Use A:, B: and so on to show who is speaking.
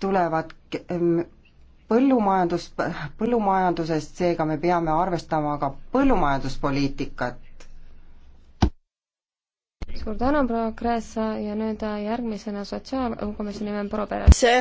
A: tulevad põllumajandus, põllumajandusest, seega me peame arvestama ka põllumajanduspoliitikat.
B: suur tänu, proua Kreesa ja nüüd äh,
C: järgmisena sotsiaalkomisjoni nimel proua Peres.